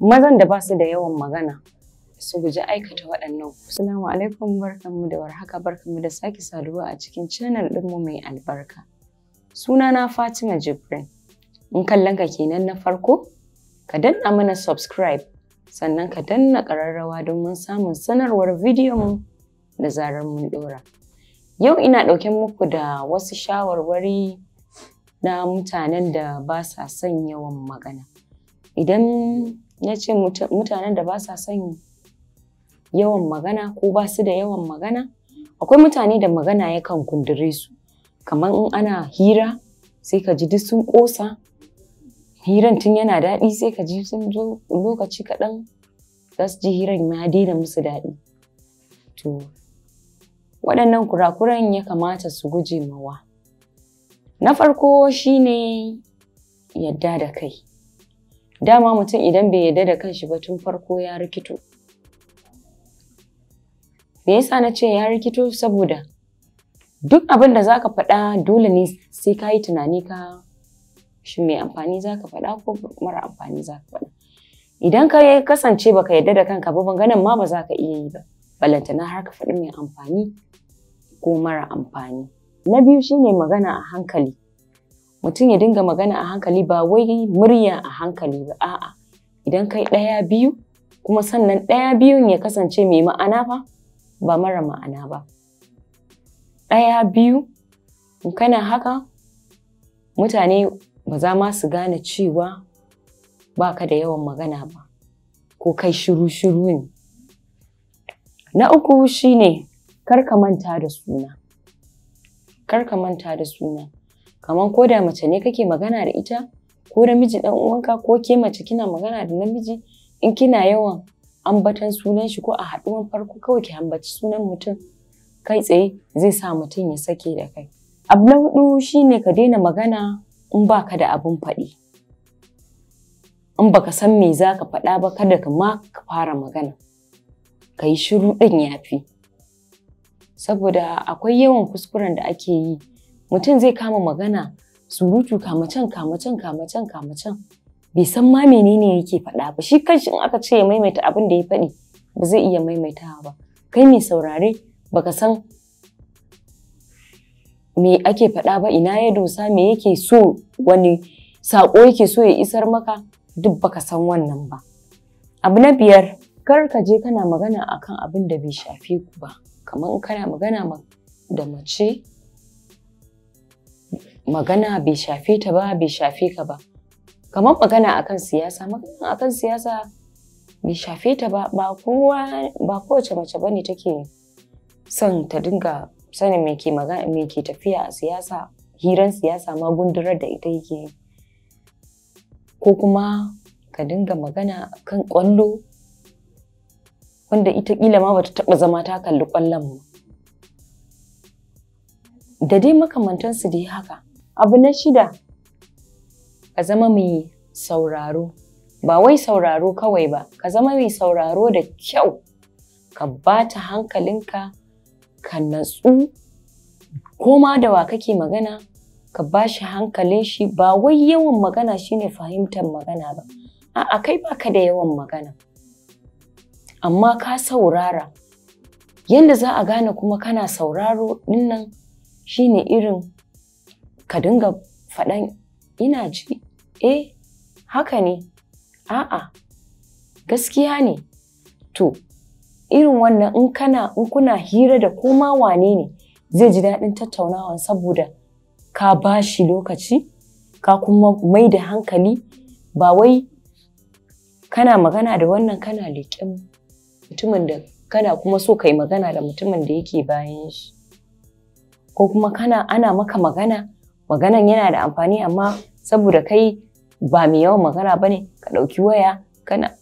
mazan da ba su da yawan magana su guji aikata waɗannan. Assalamu alaikum barkanmu da warhaka barkanmu da sake saduwa a cikin channel mu mai albarka. Sunana Fatima Jibrin. In kallon ka kenan na farko, ka danna mana subscribe sannan ka danna ƙararrawa mun samun sanarwar bidiyon da zarar mun ɗora. Yau ina ɗauke muku da wasu shawarwari na mutanen da ba sa son yawan magana. Idan na ce mutanen da ba sa son yawan magana ko ba su da yawan magana akwai mutane da magana yakan kundure su kamar in ana hira sai ka ji duk sun ƙosa hiran tun yana daɗi sai ka ji sun zo lokaci kaɗan za su ji hiran ya daina musu daɗi to waɗannan kurakuran ya kamata su guje mawa na farko shine yadda da kai dama mutum idan bai yarda da kanshi ba tun farko ya rikito me yasa na ce ya rikito saboda duk abin da zaka faɗa dole ne sai ka tunani ka shi mai amfani zaka faɗa ko mara amfani zaka faɗa idan ka yi kasance baka yarda da kanka ba ganin ma ba za ka iya yi ba balantana har ka faɗi mai amfani ko mara amfani na biyu shine magana a hankali mutum ya dinga magana a hankali ba wai murya a hankali ba a'a idan kai ɗaya biyu kuma sannan ɗaya biyun ya kasance mai ma'ana ba, ba mara ma'ana ba ɗaya biyu in kana haka mutane ba za ma su gane cewa ba ka da yawan magana ba ko kai shiru-shiru ne na uku shine ne, da suna kar ka manta da suna kamar ko da mace ne kake magana da ita ko namiji dan uwanka ko ke mace kina magana da namiji in kina yawan ambatan sunan shi ko a haɗuwan farko kawai ki ambaci sunan mutum kai tsaye zai sa mutum ya sake da kai abu na hudu shine ka daina magana in baka da abun faɗi in baka san me za ka faɗa ba kada ka ma ka fara magana ka yi shiru ɗin yafi saboda akwai yawan kuskuren da ake yi mutum zai kama magana surutu kama kamacen kamacen kamacen bai san ma menene yake faɗa ba shi kanshi in aka ce ya maimaita abin da ya faɗi ba zai iya maimaitawa ba kai mai saurare baka san me ake faɗa ba ina ya dosa me yake so wani saƙo yake so ya isar maka duk baka san wannan ba abu na biyar kar ka je kana magana akan abin da bai shafe ku ba kamar kana magana da mace magana bai shafe ta ba bai shafe ka ba kamar magana akan siyasa magana akan siyasa bai shafe ta ba ba kowa ba kowace mace bane take son ta dinga sanin me ke magana me ke tafiya a siyasa hiran siyasa ma gundurar da ita yake ko kuma ka dinga magana kan kwallo wanda ita kila ma bata taba zama ta kalli kwallon mu da dai makamantansu dai haka Abu na shida, ka zama mai sauraro. Ba wai sauraro kawai ba, ka zama mai sauraro da kyau. Ka ba ta hankalinka, ka natsu, koma da wa kake magana, ka ba shi hankalin shi ba wai yawan magana shi ne fahimtar magana ba. A'a kai baka da yawan magana. Amma ka saurara. Yanda za a gane kuma kana sauraro dinnan shine irin ka dinga faɗan ina ji eh haka ne a'a gaskiya ne to irin wannan in kana in kuna hira da koma wane ne zai ji daɗin tattaunawa saboda ka ba shi lokaci ka kuma mai da hankali ba wai kana magana da wannan kana leƙen mutumin da kana kuma so ka yi magana da mutumin da yake bayan shi ko kuma kana ana maka magana maganan yana da amfani amma saboda kai ba mai yawan magana bane ka ɗauki waya kana